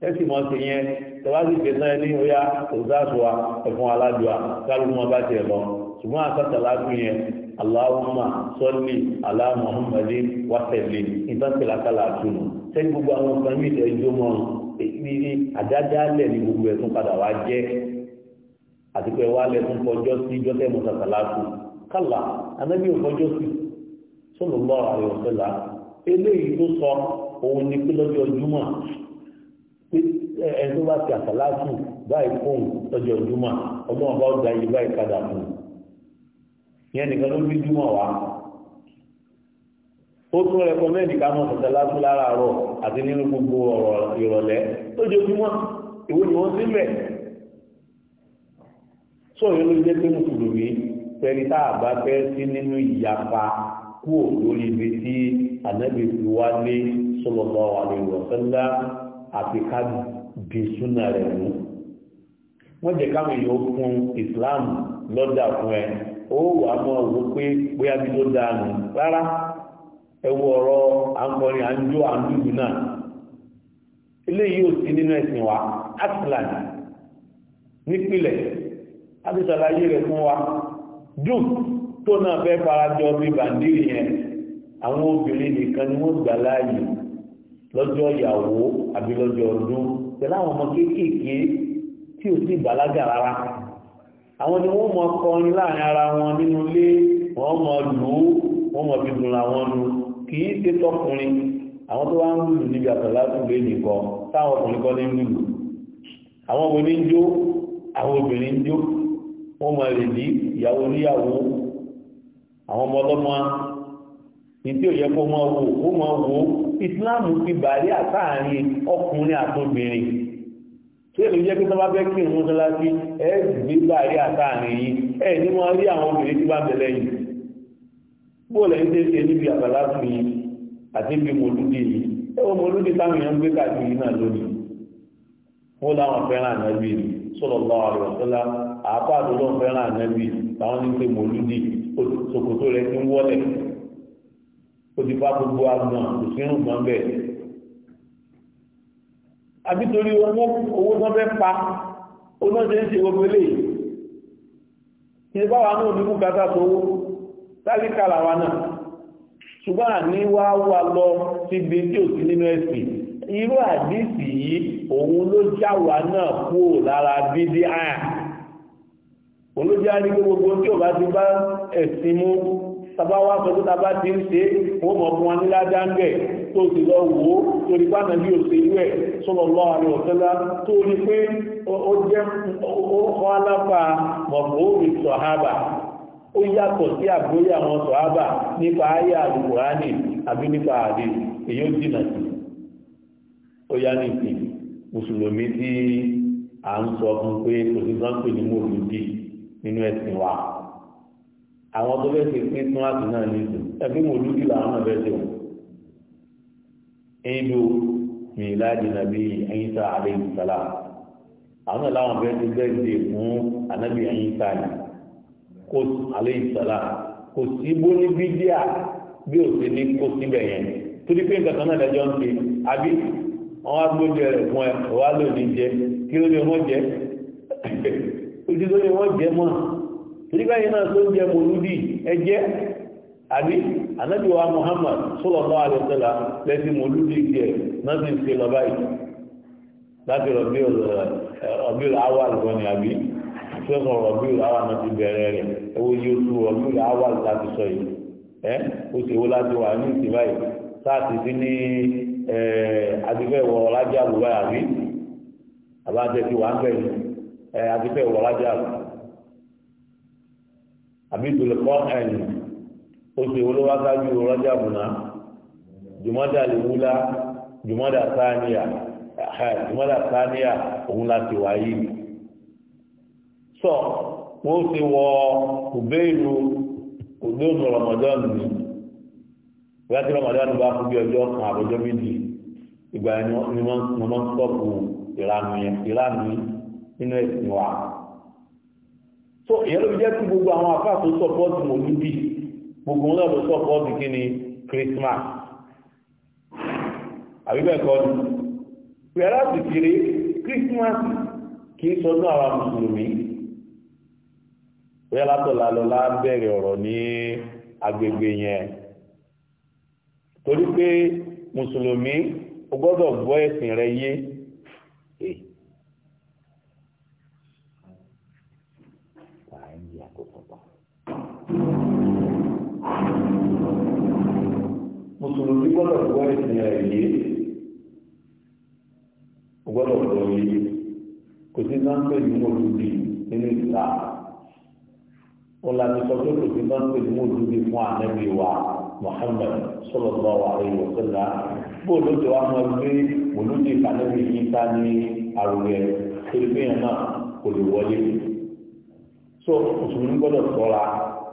ẹ sì mọ̀ sí yẹn tẹ̀wájú ìgbésán ẹni ó yá òzáàtúwa ẹ̀fọn aládùá kálukú wọn bá tiẹ̀ lọ ṣùgbọ́n àtàtàlágún yẹn aláwọ̀mà sọ́ọ̀lì aláàmọ̀húnmọ́lé wáṣẹ̀lẹ̀ ìtàkìlákàlà àtúnú sẹ́yìn gbogbo àwọn kan ní ìtẹ́jọ́ mọ́ ní àdájálẹ̀ ní gbogbo ẹ̀tún padà wá jẹ́ àti pé wálẹ̀ tún kọjọ́ sí kálá anábì òfọjọ́ sí sallallahu alaihi wasallam eléyìí tó sọ òun ni pé lọ́jọ́ júmọ̀ pé ẹni tó bá ti àsàlátù báyìí fóun lọ́jọ́ júmọ̀ ọlọ́run bá ó da iye báyìí padà fún un ìyẹn nìkan ló fi júmọ̀ wá ó tún rẹkọmẹ́ndì ká mọ̀ àsàlátù láràárọ̀ àti nínú gbogbo ọ̀rọ̀ ìrọ̀lẹ́ lọ́jọ́ ìwé ni wọ́n sílẹ̀ sọ̀rọ̀ ló jẹ́ pé mùsùlùmí fẹ́ni tá a bá fẹ́ sí nínú ìyapa kúò lórí ibi tí ànábì fi wá lé sallallahu alaihi àti ká di súnà rẹ̀ mú wọ́n jẹ́ káwọn èèyàn fún Islam lọ́dà fún ẹ ó wà mọ́ owó pé bóyá bí tó dáa nù rárá ẹwọ ọ̀rọ̀ àǹkọrin àǹjọ àǹdùdù náà eléyìí ò sí nínú ẹ̀sìn wa atlan nípìnlẹ̀ àbísàlàyé rẹ̀ fún wa dùn tó náà fẹ́ farajọ bí bàndírì yẹn àwọn obìnrin nìkan ni wọ́n gbà láàyè lọ́jọ́ ìyàwó àbí lọ́jọ́ ọdún pẹ̀lú àwọn ọmọ kéékèèké tí ò sí ìbàlágà rárá àwọn ni wọ́n mọ kọrin láàrin ara wọn nínú ilé wọ́n mọ lù ú wọ́n mọ fi dùn àwọn nu kì í ṣe tọkùnrin àwọn tó wá ń lùlù níbi àtàlá tún lé nìkan táwọn ọkùnrin kọ́ ní lùlù àwọn obìnrin ń jó àwọn obìnrin ń jó wọ́n mọ rèdí ìyàwó oníyàwó àwọn ọmọ ọlọ́mọ ní tí ò yẹ kó mọ wò kó mọ wò ìsìláàmù fi bàrí àtàárín ọkùnrin àtòbìnrin tí èlò jẹ́ pé tó bá fẹ́ kí ìrún tó láti ẹ gbé bàrí àtàárín yìí ẹ ní wọ́n rí àwọn obìnrin tí bá bẹ̀lẹ̀ yìí bó lẹ́yìn tẹ́ ṣe níbi àbàlá fún yìí àti níbi mòlúdì yìí ẹ wọ́n mòlúdì táwọn èèyàn ń gbé káàkiri náà lónìí wọ́n láwọn fẹ́ràn ànábì táwọn ní pé mòlúdi ṣòkòtò rẹ̀ ti ń wọlé ó ti bá gbogbo àgbọn kò sí rùgbọ́n bẹ́ẹ̀ àbí torí owó owó tán fẹ́ pa oná ṣe ń ṣe gbogbo eléyìí ṣe báwa náà ní bùkátà sówó sálíkà làwa náà ṣùgbọ́n àní wá wà lọ síbi tí ò sí nínú ẹ̀sìn irú àdísì yìí òun ló jáwàá náà kúrò lára bídí àyà olójá ní gbogbo tí ò bá ti bá ẹ̀sìn mú tàbá wá sọ tó tàbá ti ń ṣe wọ́n mọ̀ fún wa ní ládáńgẹ̀ tó sì lọ wò ó torí pàtàkì bí òṣèlú ẹ̀ sallallahu alaihi wasallam tó rí pé ó jẹ́ ọkọ̀ aláfà mọ̀fọ́ òbí sọ̀hábà ó yàtọ̀ sí àgbóyè àwọn sọ̀hábà nípa ayé àlùkùránì àbí nípa àdé èyí ó dìnà sí ó yá ní ìsìn mùsùlùmí tí à ń sọ fún pé kò sí sáńpè ní mòlúdì nínú ẹ̀sìn wa àwọn tó bẹ́ẹ̀ ṣe pín tún láti náà ní ìlú ẹbí mo lú ìlú àwọn ọ̀bẹ tó ìlú mìláàdì nàbí ẹ̀yìnsá àlẹ́yìnsálà àwọn náà láwọn bẹ́ẹ̀ ti bẹ́ẹ̀ ṣe fún ànábì ẹ̀yìnsá yìí kó àlẹ́yìnsálà kò sí bó ní bídíà bí ò sí ní kó síbẹ̀ yẹn torí pé nǹkan kan náà lẹ́jọ́ ń ṣe àbí wọ́n á gbójú ẹ̀rẹ̀ fún ẹ wọ́n á lò ní jẹ kí ló ní ọmọ jẹ òdìdó ni wọ́n jẹ mọ́ nígbà yìí náà tó ń jẹ mòlúdì ẹjẹ́ àbí anábìwá Muhammad sallallahu alaihi wasallam lẹ́sìn mòlúdì jẹ náà ti ń ṣe lọ báyìí láti rọ̀bí ọ̀bí àwà lọ ni àbí tí ó sọ rọ̀bí àwà náà ti bẹ̀rẹ̀ rẹ̀ ẹwọ́ yóò tú rọ̀bí àwà láti ẹ adúgbò ìwọ rájà àbí ìdòlè kọ ẹ̀yìn oṣù ìwọlọwà sáájú ìwọ rájà bùnà jùmọdà lèwúlá jùmọdà sáníyà jùmọdà sáníyà òun láti wáyé sọ wọn ti wọ kùbéèrú òdòdó rọmọdán ni bóyá tí rọmọdán bá fún bí ọjọ́ kan àbọjọ méjì ìgbà yẹn ni wọn ń sọpù ìlànà ìlànà yìí nínú ẹ̀sìn wa so ìyẹn ló fi jẹ́ kí gbogbo àwọn afá tó sọ́pọ́ọ̀tì mòlúdì gbogbo wọn náà ló sọ́pọ́ọ̀tì kí ni Christmas àbíbẹ̀kọ́ ni pẹ̀lá bìkìrì Christmas kìí sọdún àwọn mùsùlùmí bóyá látọ̀lá lọ́la bẹ̀rẹ̀ ọ̀rọ̀ ní agbègbè yẹn torí pé mùsùlùmí o gbọ́dọ̀ gbọ́ ẹ̀sìn rẹ yé mùsùlùmí gbọ́dọ̀ gbọ́ ìsìn rẹ̀ yìí gbọ́dọ̀ gbọ́ yìí kò sí máa ń pè ní mòlúdi nínú ìlà ọ̀làdì sọ pé kò sí máa ń pè ní mòlúdi fún ànábì wa Muhammad sallallahu alaihi wasallam bóòlù tó wà máa gbé mòlúdi kànábì yìí ká ní àrùwẹ tẹlifíyàn náà kò lè wọlé so mùsùlùmí gbọ́dọ̀ ṣọ́ra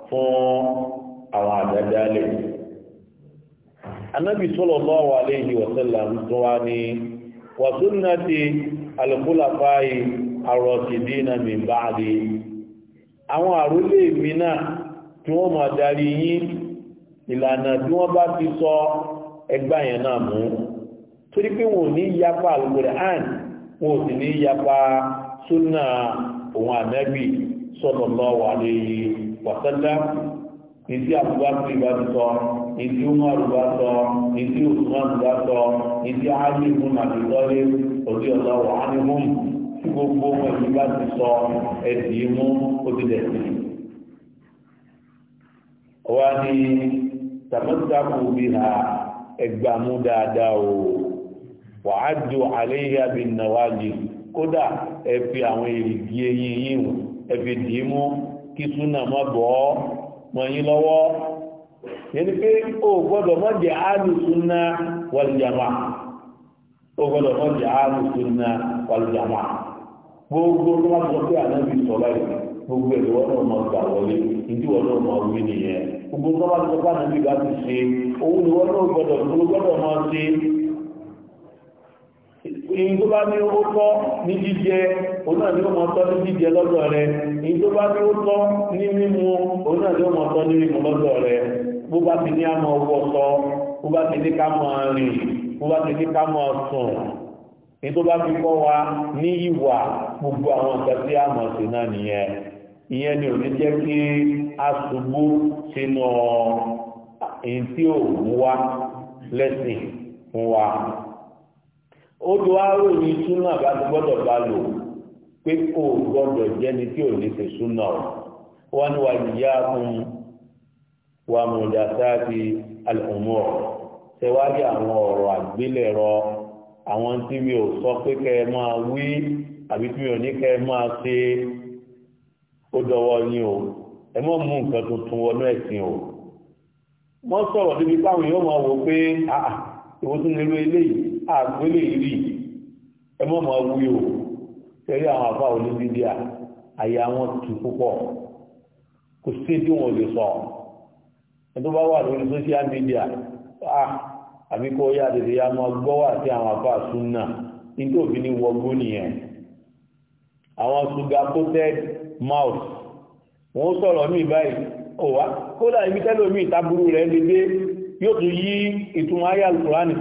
fún àwọn àdáda lẹ́yìn anábì sallallahu alayhi wa sallam tó wá ní wa sunnati al-khulafai ar-rashidina min ba'di àwọn àrólé mi náà tí wọ́n máa darí yín ìlànà tí wọ́n bá ti sọ ẹgbà yẹn náà mú torí pé wọn ò ní yapa al-Qur'an wọn ò sì ní yapa sunna òun ànábì sallallahu alayhi wa sallam ìdí àbúgbàtí ìbá sọ ìdí umaru bá sọ ìdí usman bá sọ ìdí alimu nàbí tọ́lé òdí ọ̀la wà ánimú tí gbogbo ọmọ ìlú bá ti sọ ẹ̀dì mú òdìdẹ̀ sí. wá ní tàmọ́tàkù bí ha ẹgbàmú dáadáa o wà á ju àléyé àbí nàwájì kódà ẹ fi àwọn èrìgì eyín yìí ẹ fi dì í mú kí súnà má bọ́ ọ́. mọ̀ yín lọ́wọ́ yẹni pé o gbọ́dọ̀ mọ́ jẹ́ alùsùnà wàlùjàmà o gbọ́dọ̀ mọ́ jẹ́ alùsùnà wàlùjàmà gbogbo tó pé ànábì sọ̀rọ̀ yìí gbogbo ẹ̀ lọ́wọ́ náà mọ̀ gbà wọlé ìdí wọn náà mọ̀ wí nìyẹn gbogbo pé ànábì bá ti ṣe ni wọn náà mọ̀ ṣe in tó bá ní ó tọ́ ní jíjẹ òun náà ni ó mọ̀ tọ́ ní jíjẹ lọ́dọ̀ rẹ in tó bá ní ó tọ́ ní mímu òun náà ni ó mọ̀ tọ́ ní mímu lọ́dọ̀ rẹ bó bá ti ní àmọ́ ọwọ́ tọ́ bó bá ti ní ká mọ̀ rìn bó ti ní ká mọ̀ sùn in tó bá fi kọ́ wa ní ìwà gbogbo àwọn nǹkan tí a mọ̀ sí náà nìyẹn ìyẹn ni ò ní jẹ́ kí a ṣubú sínú èyí tí ò mú wa lẹ́sìn fún wa ó do aró ní súnà bá ti gbọ́dọ̀ bá lò pé kò gbọ́dọ̀ jẹ́ni tí ò ní fi súnà o wọ́n ní wà níyà fún wa mọ̀dàtà ti alùmọ̀ tẹwájú àwọn ọ̀rọ̀ àgbélẹ̀rọ àwọn tí mi ò sọ pé kẹ́ ẹ máa wí àbí tí mi ò ní kẹ́ ẹ máa ṣe ó dọwọ́ yín o ẹ mọ́ mú nǹkan tuntun wọnú ẹ̀sìn o wọ́n sọ̀rọ̀ débi táwọn yóò máa wò pé ìwọ́n tún lérò eléyìí àgbélé rí ẹmọ́ ma wú yóò tẹ́rí àwọn àbá olóbídíà àyà wọn tù púpọ̀ kò sí tí wọn lè sọ ẹ̀tọ́ bá wà lórí social media ah àbí kó yá tètè ya máa gbọ́ wà sí àwọn àbá súnà nítorí òfin ní wọgbó nìyẹn àwọn suga coated mouth wọ́n sọ̀rọ̀ mí báyìí ọ̀wá kódà ibi tẹ́lómi ìtaburu rẹ̀ lédè yóò tún yí ìtumọ̀ ayé alukùránì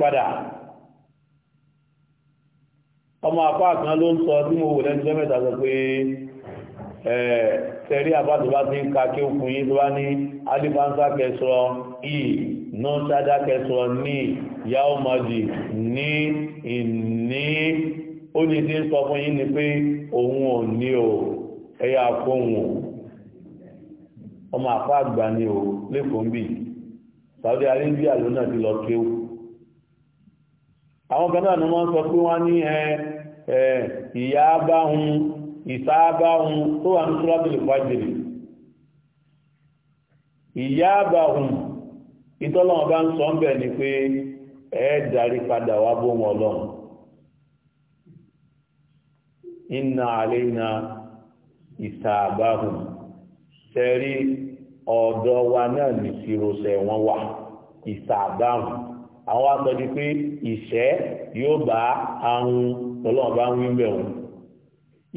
ọmọ apá kan ló ń sọ tí mo wò lẹ́nu jẹ́mẹ́ta sọ pé tẹ̀rí apá tó bá ti ń ka kí ó fún yín tó bá ní alifansa kẹsọ i nọ́ṣádá kẹsọ ní yahoo madi ní ìní ó ní tí ń sọ fún yín ni pé òun ò ní o ẹ̀yà fóun ọmọ apá àgbà ni o lẹ́kọ̀ọ́ ń bì Saudi Arabia ló náà ti lọ kéwù àwọn kan náà ni wọ́n sọ pé wọ́n ní ẹ ìyá eh, bá hun ìsá bá hun tó wà ní túrọ́bìlì fàjìrì ìyá bá hun ìtọ́lọ́wọ́n bá ń sọ ń bẹ̀ ni pé ẹ darí padà wá bó wọn lọ́hùn inna àléna ìsàbáhùn tẹ́rí ọ̀dọ̀ wa náà ní ìṣirọ́sẹ̀ wọn wà ìsàbáhùn àwọn àtọ́jú pé ìṣẹ́ yóò bá ahun ọlọ́run bá ń wí bẹ̀ wọn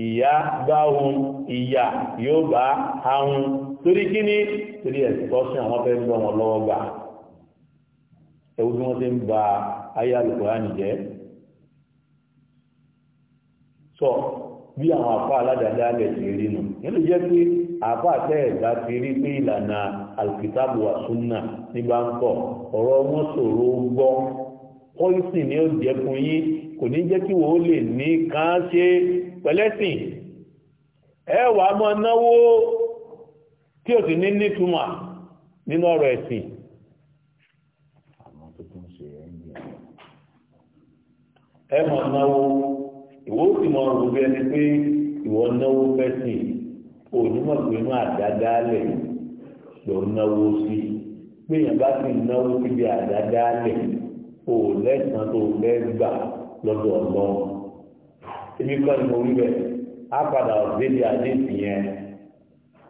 ìyá bá wọn ìyá yóò bá àwọn torí kí ni torí ẹ̀sìkọ́sìn àwọn fẹ́ gbọ́ wọn lọ́wọ́ gbà ẹ̀wù bí wọ́n ti ń ba ayé alùpùpù jẹ́ sọ bí àwọn àfa aládàáda alẹ̀ ti rí nu nínú jẹ́ pé àfa àtẹ̀ẹ̀dá ti rí pé ìlànà alùpùpù wà súnà nígbà ń kọ̀ ọ̀rọ̀ wọn ṣòro gbọ́ pọ́ìsì ni ó jẹ́ fún yín kò ní jẹ́ kí wọ́n ní kan ṣe pẹ̀lẹ́sìn ẹ náwó tí o sì ní nítumọ̀ nínú ọ̀rọ̀ ẹ̀sìn. ẹmọ̀ náwó ìwọ sì máa ẹni pé ìwọ náwó fẹ́sìn onímọ̀ àdádálẹ̀ náwó sí bá sì lọ́dọ̀ ọlọ́run ibi kan ni mo rí bẹ á padà ọ̀gbẹ́ni àdéhùn yẹn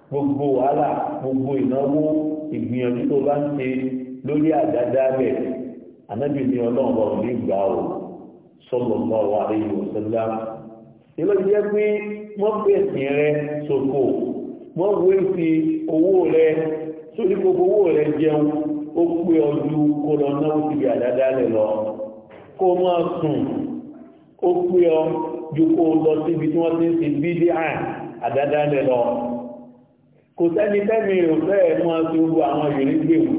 gbogbo wàhálà gbogbo ìnáwó ìgbìyànjú tó bá ń ṣe lórí àdáda rẹ̀ ànábì ní ọlọ́run bá òní gbà ó sọ́lọ̀ mọ́ wa àríyí òṣèlá ilé jẹ́ pé wọ́n pè ẹ̀sìn rẹ sòfò wọ́n wé fi owó rẹ sórí gbogbo owó rẹ jẹun ó pé ọdún kó lọ náwó síbi àdáda rẹ lọ kó máa sùn ó pé ọ ju kó lọ síbi tí wọ́n ti ń sin bídí àn àdádálẹ̀ lọ kò sẹ́ni tẹ́mi ò fẹ́ẹ̀ mọ́ sí gbogbo àwọn ìrìngbèwò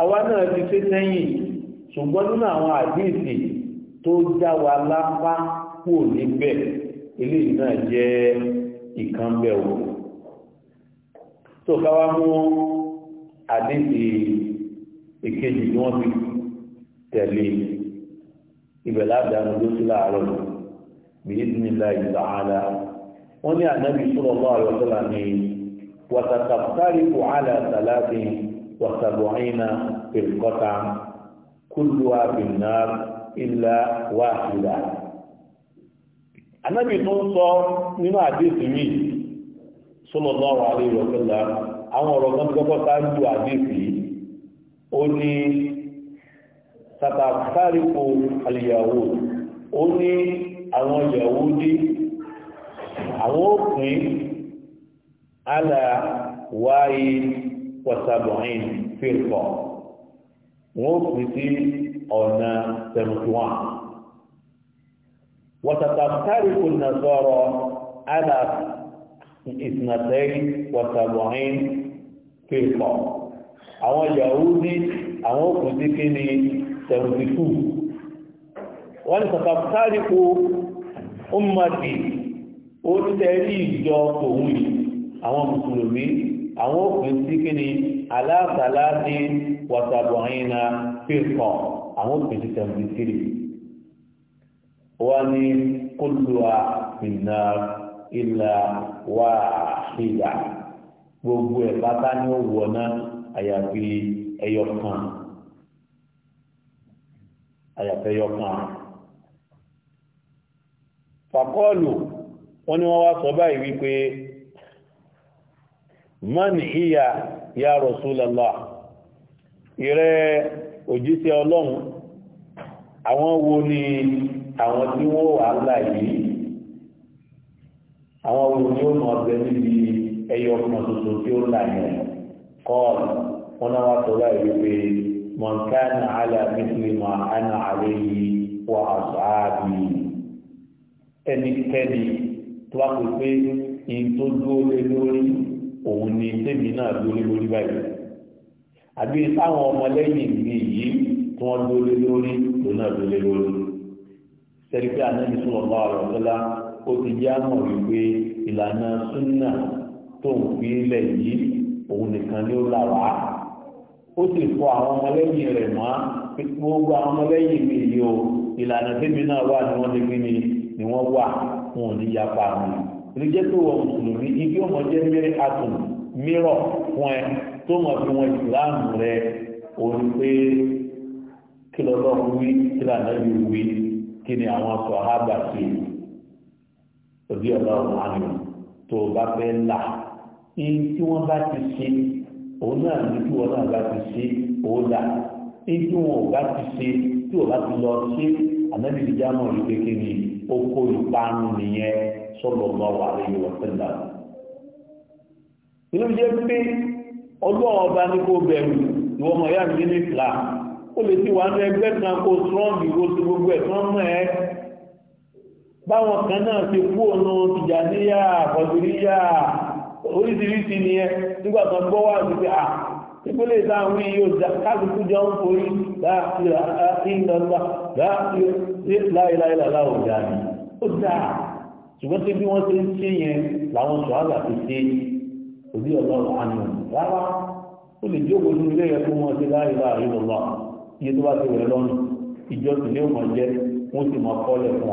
àwa náà ti ṣe sẹ́yìn ṣùgbọ́n nínú àwọn àdíìsì tó já wa lápá kúrò níbẹ̀ eléyìí náà jẹ́ ìkànbẹ̀ wò tó káwá mú àdíìsì èkejì ni wọ́n fi tẹ̀lé ibẹ̀ ládàánù ló sí láàárọ̀ bíi ní ilá ìtàhálà wọ́n ní ànábì sọ̀rọ̀ bá ọ̀rọ̀ sọ́là ní wàtàkàtàrí wàhálà sàláàtì wàtàbọ̀hìnà pèrèkọ́ta kúlù àbìnà ilá wàhálà. ànábì tó ń sọ nínú àdéhùn mi sọ̀rọ̀ bá ọ̀rọ̀ àlè ìrọ̀sọ́là àwọn ọ̀rọ̀ kan tó kọ́kọ́ sáájú àdéhùn yìí ó ní tàtàkárìkò àlìyàwó ó ní àwọn ìyàwó dé àwọn òpin aláwáyé pọ̀sàbọ̀rin fílpọ̀ wọ́n pín sí ọ̀nà 71 wàtàtàkárìkò nàzọ́rọ̀ alá ìsìnàtẹ́rí pọ̀sàbọ̀rin fílpọ̀ àwọn ìyàwó dé àwọn òpin sí kí ni seventy two wọ́n ní kàkà sáríkò ọmọdé ó tẹ̀lé ìjọ tòun yìí àwọn mùsùlùmí àwọn òfin sí kíni aláàtàlá ní wàtàbọ̀nyìn na fífọ̀ àwọn òfin sí seventy three wọ́n ní kúlùwà ìnà ìlà wàhídà gbogbo ẹ̀ pátá ní ó wọ̀ náà àyàfi ẹyọ kan. àyàfẹ́ yọkàn fàkọ́ọ̀lù wọ́n ni wọ́n wá sọ báyìí wípé man hiya ya Rasulallah ìrẹ́ òjíṣẹ́ ọlọ́run àwọn wo ni àwọn tí wọ́n wà láyé àwọn wo ni ó mọ̀ ọ̀bẹ níbi ẹyọ kan tuntun tí ó láyé kọ́ọ̀lù wọ́n náà wá sọ báyìí wípé من كان على مثل ما أنا عليه وأصحابي ẹnikẹ́ni tó bá pè pé in tó dúró lé lórí òun ni tèmi náà dúró lé lórí báyìí àbí táwọn ọmọlẹ́yìn mi yìí tí wọ́n dúró lé lórí òun náà dúró lé lórí sẹ́rí pé anábì sọ̀rọ̀ bá ọ̀rọ̀ ọ̀tọ́lá ó ti jẹ́ àmọ̀ wípé ìlànà súnà tó ń fi lẹ̀ yìí òun nìkan ni ó là wàá ó sì fọ àwọn ọmọlẹ́yìn rẹ̀ mọ́ gbogbo àwọn ọmọlẹ́yìn mi yìí o ìlànà tèmi náà wà ní wọ́n ti ni ni wọ́n wà wọn ò ní yapa mi ní jẹ́ pé wọ́n mùsùlùmí igi ọmọ jẹ́ mẹ́rin atùn mírọ̀ fún ẹ tó mọ̀ fi wọn ìsìláàmù rẹ òun pé kí lọ́lọ́ wí kí lànà yìí wí kí ni àwọn sàhábà ṣe òbí ọ̀dọ́ ọ̀hún àná tó bá fẹ́ là ní tí wọ́n bá ti ṣe òun náà ní kí wọn náà bá ti ṣe òun dà ní kí wọn ò bá ti ṣe tí wọn bá ti lọ ṣe ànábì ìjà náà rí pé kí ni ó kó ìparun nìyẹn sọlọ lọ wà lẹ́yìn wọtẹlá inú jẹ pé ọlọ́wọ́ ọba ní kó bẹ̀rù ìwọ ọmọ ìyá mi ní ìlà ó lè ti wà ní ẹgbẹ́ kan kó sọ́ọ̀gì kó ti gbogbo ẹ̀ mọ́ ẹ báwọn kan náà ti kú ọ̀nà tìjà níyà oríṣiríṣi ni ẹ nígbà tó gbọ́ wà ní pé à ìpínlẹ̀ ìsáhùn yóò já káàkiri jọ ń forí láàkìlá ìlọ́lá láìláìlá òjá ni ó dáa ṣùgbọ́n tí bí wọ́n ti ń ṣe yẹn làwọn ṣọ́ọ́gà ti ṣe òbí ọlọ́run àná rárá ó lè jókòó sí ilé rẹ̀ fún wọn sí láìlá ìlọ́lá iye tó bá ti rẹ̀ lọ́nà ìjọ sì ní òmò jẹ́ wọ́n sì mọ̀ kọ́lẹ̀ fún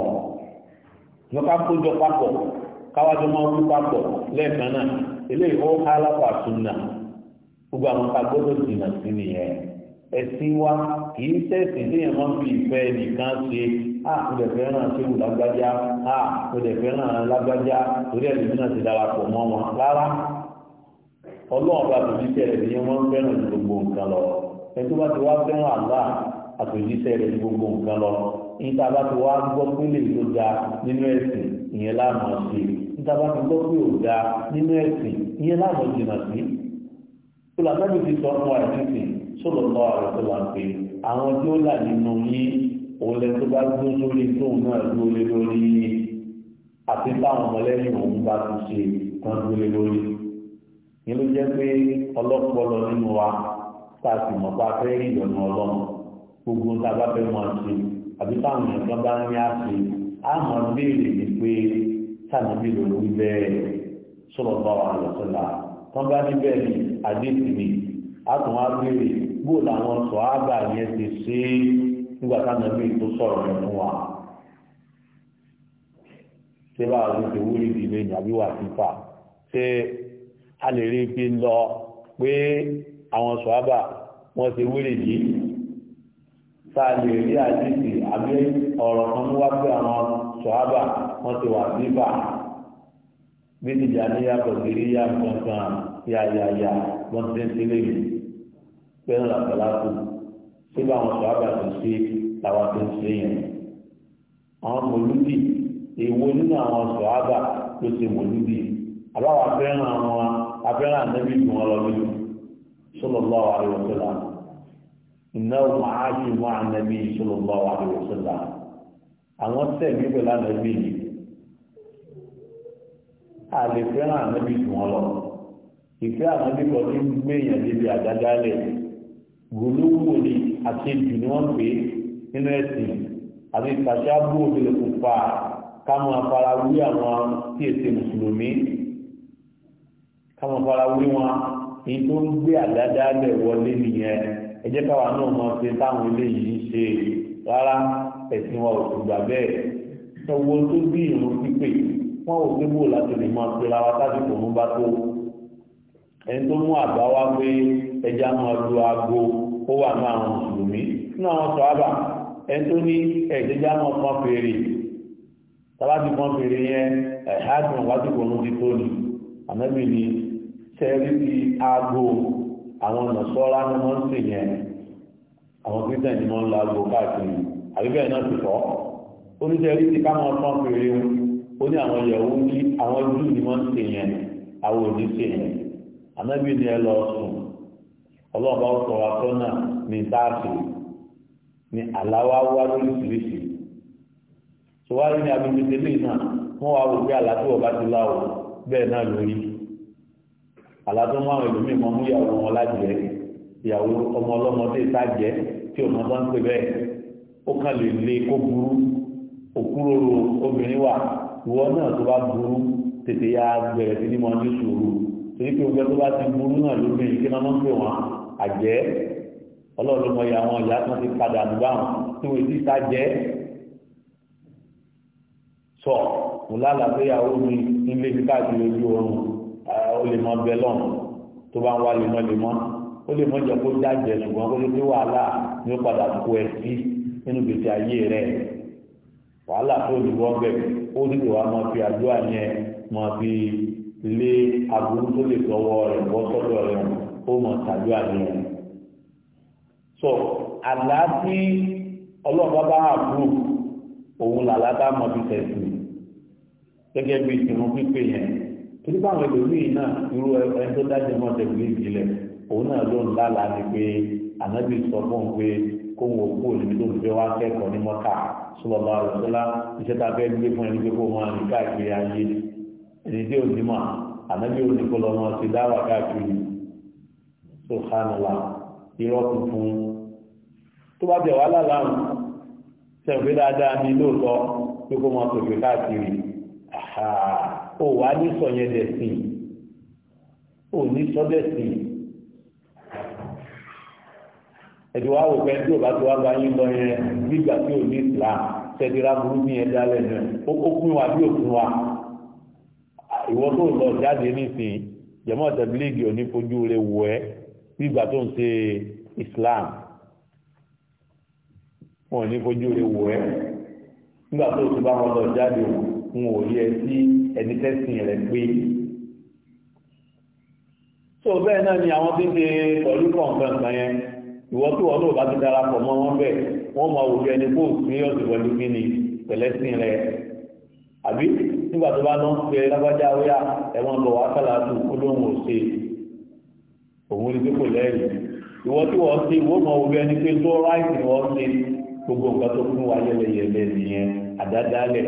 ọ káwájú máa wú papọ̀ lẹ́ẹ̀kan náà eléyìí ó ká lápá sunna gbogbo àwọn ká gbọ́dọ̀ jìnnà sí nìyẹn ẹ̀sìn wa kì í sẹ́sìn téèyàn máa ń fi ìfẹ́ nìkan ṣe a ah, ọdẹ fẹ́ràn ṣéwù lágbájá a ah, ọdẹ fẹ́ràn lágbájá torí ẹ̀sìn náà ti darapọ̀ mọ́ wọn rárá ọlọ́run bá tòjú tẹ̀lé ní wọ́n ń fẹ́ràn ju gbogbo nǹkan lọ ẹni tó bá ti wá fẹ́ràn àlá àtòjú tẹ̀lé ju gbogbo nǹkan lọ níta bá ti wá gbọ́ pé lè tó da nínú ẹ̀sìn ìyẹn láàmú ṣe níta bá ti gbọ́ pé ò da nínú ẹ̀sìn ìyẹn láàmú jìnnà sí. olùdásẹ́bí ti sọ fún wa ìdíje sọ̀rọ̀ lọ àrùn tó wà pé àwọn tí ó là nínú yín òun lẹ tó bá dún sórí tóun náà dúró lé lórí àti táwọn ọmọlẹ́yìn òun bá ti ṣe kan dúró lé lórí. ìyẹn ló jẹ́ pé ọlọ́pọlọ nínú wa tá a sì mọ̀ pa fẹ́ ìyọ̀nù ọlọ́run gbogbo tá a bá fẹ́ máa ṣe àbí táwọn ẹ̀gbọ́n bá ní àṣẹ àmọ́ béèrè ní pé sáàmì bí lòlù wí bẹ́ẹ̀ sọ̀rọ̀ bá wà lọ́sọ̀lá tán bá ní bẹ́ẹ̀ ni àdéhùn ni a tún wá béèrè bó làwọn sọ ábà yẹn ti ṣe é nígbà táwọn ẹbí tó sọ̀rọ̀ rẹ̀ fún wa. ṣé báwa ló ti wúrí ìdílé ní àbí wà fífà ṣé a lè rí i pé lọ pé àwọn sọ ábà wọ́n ti wúrí yìí tá a lè rí àdìsí àbí ọ̀rọ̀ kan mú wá pé àwọn ṣọ́ábà wọ́n ti wà bíbà bí tìjà níyà kò sí rí yá kankan yáyáyá wọ́n ti ń sílé yìí pé ń làbàlá kù sí bá àwọn ṣọ́ábà tó ṣe làwọn tó ń ṣe yẹn. àwọn mòlúdì èwo nínú àwọn ṣọ́ábà ló ṣe mòlúdì àbáwá fẹ́ràn àwọn afẹ́ràn àdébìgbọ̀n ọlọ́bí sọlọ́lá àríwọ̀sọ́lá ìnáwó ààyè wọn ànábì sọlọ́gbà wà lórí sọlá àwọn tẹ̀lé pẹ̀lú ànábì yìí àlè fẹ́ràn ànábì jù wọn lọ ìfẹ́ ànábì kan ní gbé èèyàn débi àdádálẹ̀ gbólóhùn ni àti ìjù ni wọ́n pè é nínú ẹ̀sìn àti ìtàṣà bóòdì lè káwọn afarawí àwọn tí èsè mùsùlùmí káwọn afarawí wọn ní tó ń gbé àdádálẹ̀ wọlé nìyẹn ẹ jẹ́ káwa náà mọ ṣe táwọn eléyìí ṣe rárá ẹ̀sìn wa ò gbà bẹ́ẹ̀ ẹ̀wọ́ tó bí ìrún pípé wọn ò gbé bò láti lè máa pera wa tásìkò ń bá tó ẹni tó mú àbá wá pé ẹja máa lu aago ó wà ní àwọn mùsùlùmí nínú àwọn sọ̀ábà ẹni tó ní ẹ̀ẹ́dẹ́já máa pọn fèrè tàbátì pọn fèrè yẹn ẹ̀hádùn lásìkò ń ti tó ni ànábì ni sẹ́ẹ̀rí ti aago àwọn nọ̀sọ́ra ni wọ́n ń sè yẹn àwọn kristian ni wọ́n ń laago káàkiri àbíbẹ̀ náà ti fọ́ oníṣẹ́rí ti ká máa tán fèrè o ó ní àwọn ìyàwó ní àwọn jù ni wọ́n ń sè yẹn àwọn òní sè yẹn ànábì ni ẹ lọ sùn ọlọ́ọ̀bá ó sọ wa tọ́nà ní táàsì ní àláwá wá lóríṣiríṣi sọwárí ní abibitẹ́lẹ́ náà wọ́n wá wò pé àlàáfíà ọba ti láwọ̀ bẹ́ẹ̀ náà lórí àlàtọ́ mọ́ àwọn ẹlòmíì mọ́ mú ìyàwó wọn lájẹ́ ìyàwó ọmọ ọlọ́mọdé ìtajẹ́ tí ọmọ bá ń pè bẹ́ẹ̀ ó kàn lè le kó burú òkúròrò obìnrin wà ìwọ náà tó bá burú tètè ya bẹ̀rẹ̀ sí ní mọ́ ní sùúrù torí pé oúnjẹ tó bá ti burú náà lóbìnrin kí wọ́n máa ń pè wọ́n àjẹ́ ọlọ́run mọ ìyá wọn ìyá tó ti padà àdúgbò àwọn tí wọ́n ti ìtajẹ́ sọ mùlálà pé ìyàwó mi ń lé mi káàkiri ojú oorun ó lè mọ bẹ lọ́n tó bá ń wá lemọ́ lemọ́ ó lè mọ jẹ kó dájẹ ṣùgbọ́n kó lè dé wàhálà ní ó padà kó ẹ sí nínú gbèsè ayé rẹ wàhálà tó ní wọ́n bẹ̀ ó ní ìwà máa fi àdúrà yẹn máa fi lé aburú tó lè tọwọ́ rẹ̀ bọ́ sọ́dọ̀ rẹ̀ ó mọ̀ tàdúrà yẹn. sọ àlá tí ọlọ́ọ̀bá bá àbúrò òun làlá bá mọ̀ fi tẹ̀sí gẹ́gẹ́ bí ìsinmi pípé yẹn torí báwọn ẹlòmíì náà irú ẹni tó dájú mọ́ tẹ̀lé ìjìnlẹ̀ òun náà ló ń lálàá ni pé ànábì sọ fún un pé kó wọn kú òní tó fi wá kẹ́kọ̀ọ́ ní mọ́ta sọlọ́lá ọ̀sọ́lá iṣẹ́ tá a fẹ́ gbé fún ẹni pé kó máa rìn káàkiri ayé ẹni tí ò ní mà ànábì ò ní kó lọ máa ti dáwà káàkiri tó hánàlá irọ́ tuntun tó bá jẹ̀ wá lálàá sẹ̀fẹ́ dáadáa ní lóòótọ́ pé kó máa tòkè káàkiri àhàá ò wá ní sọ̀yẹn dẹ̀sìn ò ní sọ́dẹ̀sìn ẹ̀dùn wa wò pé tí o bá ti wá bá yín lọ yẹn nígbà tí o ní ìlà tẹ̀dúrà burú ní ẹ̀ dálẹ̀ náà ó kún wa bí òkun wa ìwọ tó lọ jáde nísìnyí jẹ̀mọ́ tẹ̀bílíìgì ò ní fojú rẹ̀ wọ̀ ẹ́ nígbà tó ń ṣe Islam wọn ò ní fojú rẹ̀ wọ̀ ẹ́ nígbà tó o ti bá wọn lọ jáde wọ̀ n ò yẹ sí ẹni tẹ́sìn rẹ̀ pé so bẹ́ẹ̀ náà ni àwọn tí ń ṣe pẹ̀lú kọ̀ǹkan kan yẹn ìwọ tí wọn náà bá ti darapọ̀ mọ́ wọn bẹ́ẹ̀ wọ́n máa wò bí ẹni kó síríọ̀sì pẹ̀lú kí ni pẹ̀lẹ́sìn rẹ̀ àbí nígbà tó bá lọ ń pe lágbájá óyá ẹ̀wọ̀n lọ wá kálá tó kó lóhùn òṣè òun ni pé kò lẹ́rìí ìwọ tí wọ́n ṣe wọ́n máa wò bí ẹni pé tó ráìtì wọ́n ṣe gbogbo nǹkan tó fún wa yẹlẹyẹlẹ nìyẹn àdádálẹ̀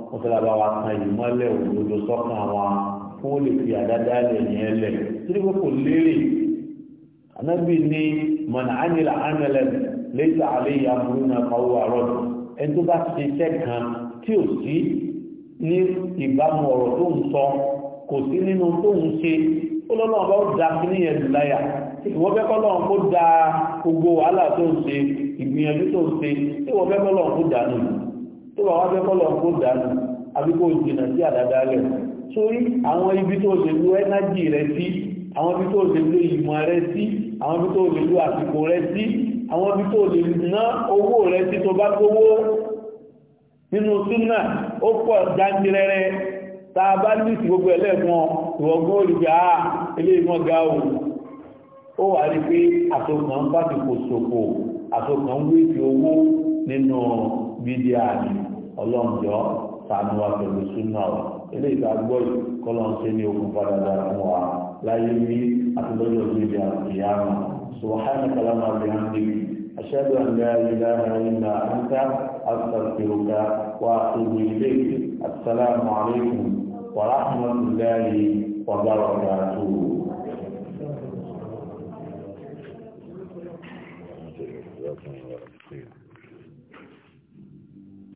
wọ́n fẹ́ lábá wa kan yìí mọ́lẹ̀ òdodo sọ́kàn wa kó o lè fi àdáda lẹ̀ yẹn lẹ̀ torí pé kò lérè anábì ní mọ̀nà ánìlà ánìlẹ̀ lẹ́sà àlẹ́ ìyá burú náà fáwọ́ àárọ̀ ẹni tó bá ti ṣiṣẹ́ kan tí ò sí ní ìbámu ọ̀rọ̀ tó ń sọ kò sí nínú tó ń ṣe ó lọ́nà ọba ó da kí níyẹn láyà ìwọ́n fẹ́ kọ́ kó da gbogbo wàhálà tó ń ṣe ìgbìyànjú tó ń ṣe ìwọ́n fẹ́ kọ́ kó dànù yìí tó bá wá fẹ́ kọ́ lọ́n kó dànù àbí kó jìnà sí àdádálẹ̀ sórí àwọn ibi tó lè lo ẹ́nájì rẹ sí àwọn ibi tó lè lo ìmọ̀ rẹ sí àwọn ibi tó lè lo àsìkò rẹ sí àwọn ibi tó lè ná owó rẹ sí tó bá gbówó nínú súnà ó pọ̀ jáńtirẹrẹ tá a bá ní ìsìnkú ẹlẹ́ẹ̀kan ìwọ̀gbọ́n olùgbà ilé ìmọ̀ ga o ó wà rí pé àtòkàn bá ti kò sòkò àtòkàn wéèkì owó nínú bídíà ni ọlọ́njọ́ sànù wa pẹ̀lú súnà wa eléyìí tá a gbọ́ yìí kọ́lọ́n ṣe ní okùn padà dà fún wa láyé ní àtúntọ́jọ́ tó di àkìyàmà subahana kalama bihamdi ashadu an la wa rahmatullahi wa barakatuh